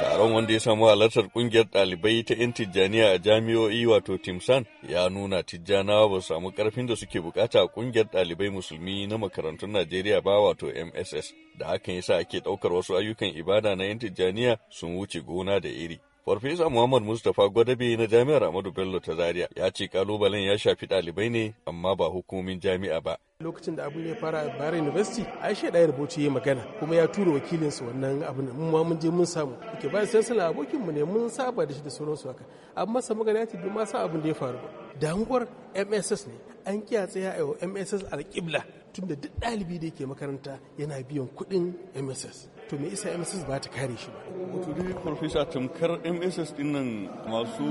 taron wanda ya samu halartar kungiyar ɗalibai ta 'yan tijjaniya a jami'o'i wato timsan ya nuna tijjanawa ba su samu karfin da suke bukata a kungiyar ɗalibai musulmi na makarantun najeriya ba wato mss da hakan yasa ake ɗaukar wasu ayyukan ibada na 'yan tijjaniya sun wuce gona da iri Farfesa Muhammad Mustapha Gwadabe na Jami'ar Ahmadu Bello ta Zaria ya ce kalubalen ya shafi ɗalibai ne amma ba hukumomin jami'a ba. Lokacin da abin ya fara a Bayar University, Aisha da Bauchi ya magana kuma ya tura wakilinsa wannan abin mun ma mun je mun samu. Ke bayan sansala abokinmu ne mun saba da shi da sauransu haka. Amma sa magana ya ce ma sa abin da ya faru ba. Damuwar MSS ne. An kiya tsaya a MSS alƙibla. tunda duk ɗalibi da yake makaranta yana biyan kuɗin mss to me isa mss ba ta kare shi ba wato dai farfesa tamkar mss din nan masu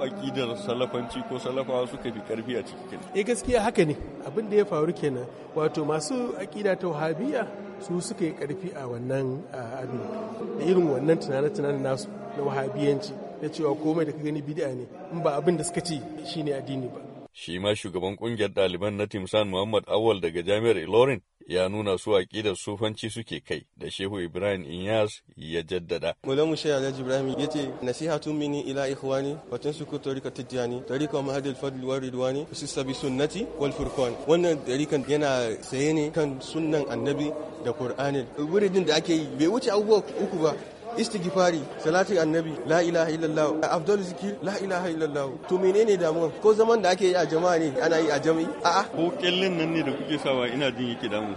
akidar salafanci ko salafawa suka fi karfi a cikin eh gaskiya haka ne abin da ya faru kenan wato masu akida ta wahabiya su suka yi karfi a wannan abin da irin wannan tunane-tunanen nasu na wahabiyanci na cewa komai da ka gani bid'a ne in ba abin da suka ce shine addini ba shi ma shugaban kungiyar ɗaliban na Timsan Muhammad Awal daga Jami'ar Ilorin ya nuna su da sufanci suke kai da Shehu Ibrahim Inyas ya jaddada. Mulamu Shehu Alhaji Ibrahim ya ce nasihatu mini ila ikhwani wa tansuku tariqa tijani tariqa mahadil fadl wa ridwani usissa sabi sunnati wal furqan wannan tariqan yana saye ne kan sunnan annabi da Qur'ani. Wuridin da ake yi bai wuce abubuwa uku ba istighfari salati annabi la ilaha illallah afdal zikir la ilaha illallah to menene damuwa ko zaman da ake yi a jama'a ne ana yi a jami'i a'a ko kallin nan ne da kuke sawa ina jin yake damu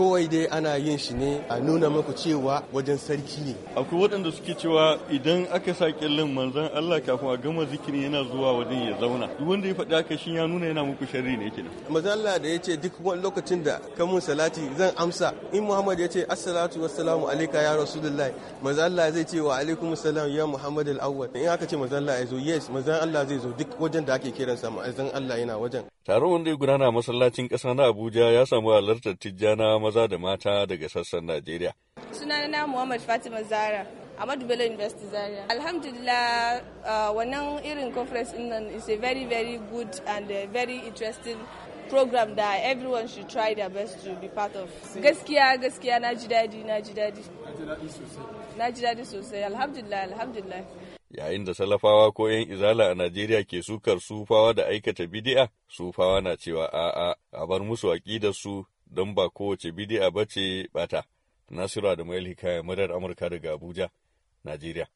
kawai dai ana yin shi ne a nuna muku cewa wajen sarki ne akwai waɗanda suke cewa idan aka sa kyallin manzon Allah kafin a gama zikiri yana zuwa wajen ya zauna duk wanda ya faɗi haka shi ya nuna yana muku sharri ne kenan Manzan Allah da ce duk wani lokacin da kamun salati zan amsa in Muhammad ya ce assalatu wassalamu alaika ya rasulullahi Manzan Allah zai ce wa alaikum salam ya Muhammad al-awwal in aka ce manzan Allah ya zo yes manzan Allah zai zo duk wajen da ake kiran sa manzan Allah yana wajen taron wanda ya gudana masallacin ƙasa na Abuja ya samu halartar Tijjana maza da mata daga sassan Najeriya. Sunana Muhammad Fatima Zara. Ahmadu Bello University Zaria. Alhamdulillah uh, wannan irin conference in nan is a very very good and a very interesting program that everyone should try their best to be part of. Gaskiya gaskiya na ji daɗi na ji daɗi. Na ji daɗi sosai. Alhamdulillah alhamdulillah. Yayin da salafawa ko yan izala a Najeriya ke sukar sufawa da aikata bidi'a, sufawa na cewa a'a a bar musu aƙidar su don ba kowace bidi'a ba ce bata. Nasiru Adamu Hikaya, murar Amurka daga Abuja, Najeriya.